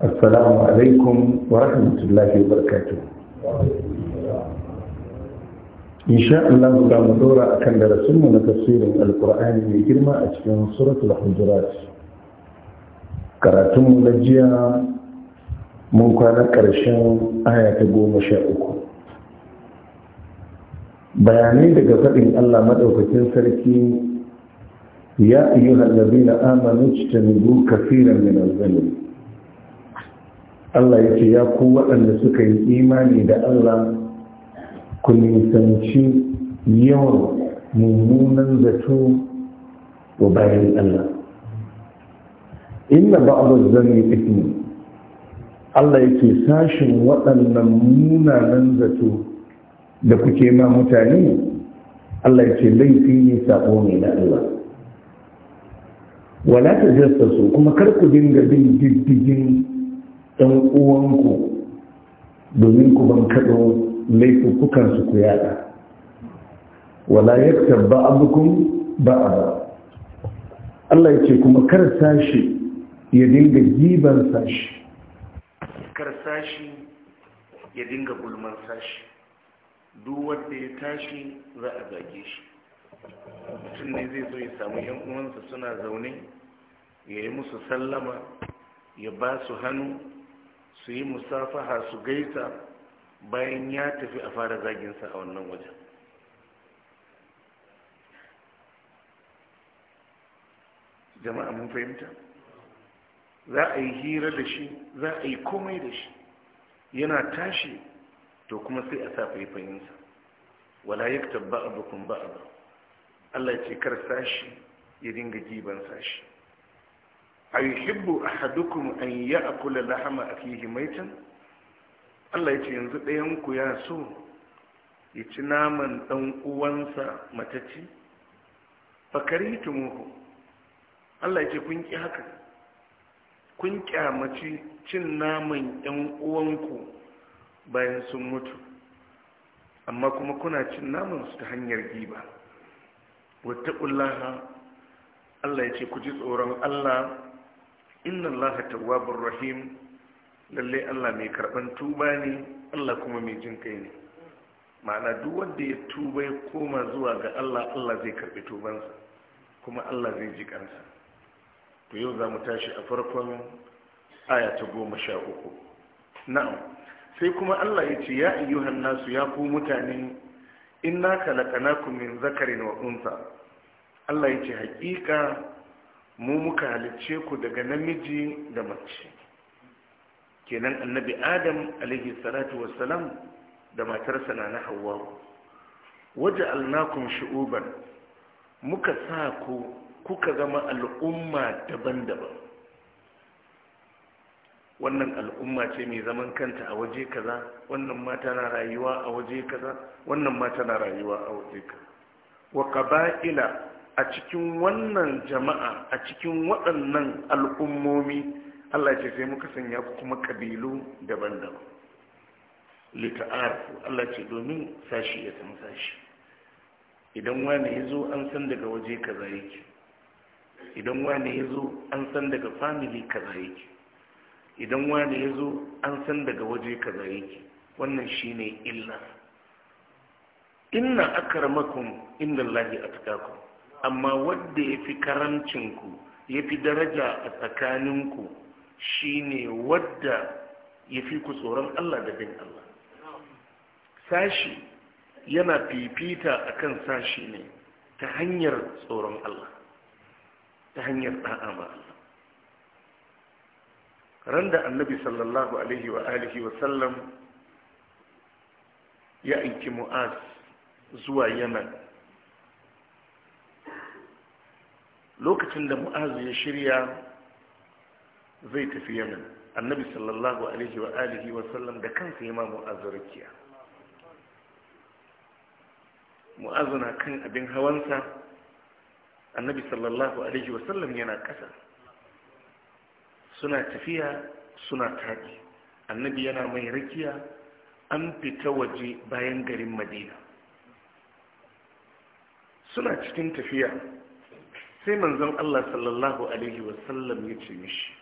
assalamu alaikum wa rahmatullahi wa barakatuh insha Allah za mu dora akan darasinmu na tafsirin alkur'ani mai girma a cikin suratul hujurat karatun na jiya mun kwana ƙarshen aya ta goma sha uku bayanai daga faɗin Allah maɗaukacin sarki ya ayyuhal ladina amanu tajtanibu kaseeran min adh Allah ya ce ya ku waɗanda suka yi imani da Allah ku nisanci yawan mummunan zato wa bayan Allah inna zan yi ismi Allah yake sashin waɗannan munanan zato da kuke ma mutane Allah yake laifi ne sabo ne na Allah wala su kuma kar ku dinga bin diddigin ɗan uwanku domin ku ban kaɗo laifukukansu ku yada wala ba a ba. Allah ya ce kuma kar sashi ya dinga giban sashi kar sashi ya dinga gulman sashi duk wanda ya tashi za a zage shi mutum ne zai zo ya samu yan uwansa suna zaune ya yi musu sallama ya ba su hannu su yi musafaha su gaisa bayan ya tafi a fara zaginsa a wannan wajen jama'a mun fahimta za a yi hira da shi za a yi komai da shi yana tashi to kuma sai a sa faifayinsa wala yaktab ba'dukum ba'd Allah ya ce kar sashi ya dinga jiban sashi ayuhibbu ahadukum an ya'kula lahama akihi maitan Allah ce yanzu ɗayanku ya so ya ci naman ɗan uwansa matacci fakaritumu Allah ce kun ƙi haka kun ƙyamaci cin naman ɗan uwanku bayan sun mutu amma kuma kuna cin naman su ta hanyar giba wattaqullaha Allah ce ku ji tsoron Allah inna allaha tawwabur rahim lalle Allah mai karban tuba ne Allah kuma mai jin kai ne ma'ana duk wanda ya tuba ya koma zuwa ga Allah Allah zai karbi tubansa kuma Allah zai ji kansa to yau za mu tashi a farkon aya ta goma sha uku na'am sai kuma Allah ya ce ya ayyuhan nasu ya ku mutane inna khalaqnakum min zakarin wa unsa Allah ya ce hakika mu muka halicce ku daga namiji da mace kenan annabi adam alaihi salatu wassalam da matarsa na hawa waje alnakun shu'uban muka sa ku kuka zama al'umma daban-daban wannan al'umma ce mai zaman kanta a waje kaza wannan mata na rayuwa a waje kaza wannan mata na rayuwa a waje kaza wa qaba'ila a cikin wannan jama'a a cikin waɗannan al'ummomi Allah ce sai muka sanya ku kuma kabilu daban-daban lita'arfu Allah ce domin sashi ya san sashi idan wani ya zo an san daga waje kaza yake idan wani ya zo an san daga family kaza yake idan wani ya zo an san daga waje kaza yake wannan shine illa inna akramakum indallahi atqakum amma wadda ya fi karancinku ya fi daraja a tsakaninku shine wadda ya fi ku tsoron Allah da bin Allah sashi yana fifita akan sashi ne ta hanyar tsoron Allah ta hanyar ɗa'a ba Allah ran da annabi sallallahu alaihi wa alihi wa sallam ya aiki mu'az zuwa yaman lokacin da mu'azu ya shirya zai tafi yamin annabi sallallahu alaihi wa alihi wa sallam da kansa ya ma mu'azu rakiya mu'azu na kan abin hawansa annabi sallallahu alaihi wa sallam yana kasa suna tafiya suna tafi annabi yana mai rakiya an fita waje bayan garin madina suna cikin tafiya sai manzon Allah sallallahu alaihi wasallam ya ce mishi